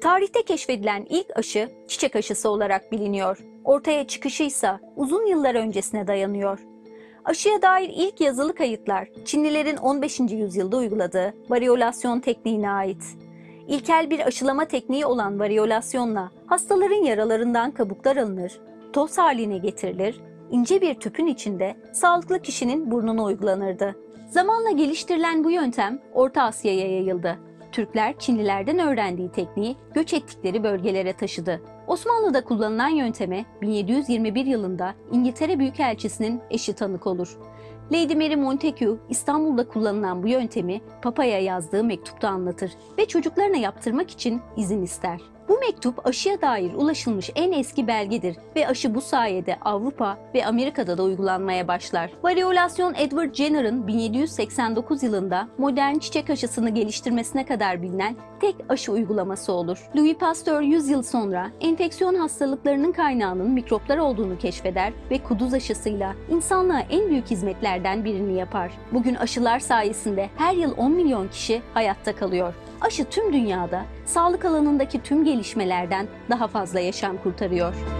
Tarihte keşfedilen ilk aşı çiçek aşısı olarak biliniyor. Ortaya çıkışı ise uzun yıllar öncesine dayanıyor. Aşıya dair ilk yazılı kayıtlar Çinlilerin 15. yüzyılda uyguladığı variolasyon tekniğine ait. İlkel bir aşılama tekniği olan variolasyonla hastaların yaralarından kabuklar alınır, toz haline getirilir, ince bir tüpün içinde sağlıklı kişinin burnuna uygulanırdı. Zamanla geliştirilen bu yöntem Orta Asya'ya yayıldı. Türkler Çinlilerden öğrendiği tekniği göç ettikleri bölgelere taşıdı. Osmanlı'da kullanılan yönteme 1721 yılında İngiltere Büyükelçisi'nin eşi tanık olur. Lady Mary Montagu İstanbul'da kullanılan bu yöntemi Papa'ya yazdığı mektupta anlatır ve çocuklarına yaptırmak için izin ister. Bu mektup aşıya dair ulaşılmış en eski belgedir ve aşı bu sayede Avrupa ve Amerika'da da uygulanmaya başlar. Variolasyon Edward Jenner'ın 1789 yılında modern çiçek aşısını geliştirmesine kadar bilinen tek aşı uygulaması olur. Louis Pasteur 100 yıl sonra enfeksiyon hastalıklarının kaynağının mikroplar olduğunu keşfeder ve kuduz aşısıyla insanlığa en büyük hizmetlerden birini yapar. Bugün aşılar sayesinde her yıl 10 milyon kişi hayatta kalıyor aşı tüm dünyada sağlık alanındaki tüm gelişmelerden daha fazla yaşam kurtarıyor.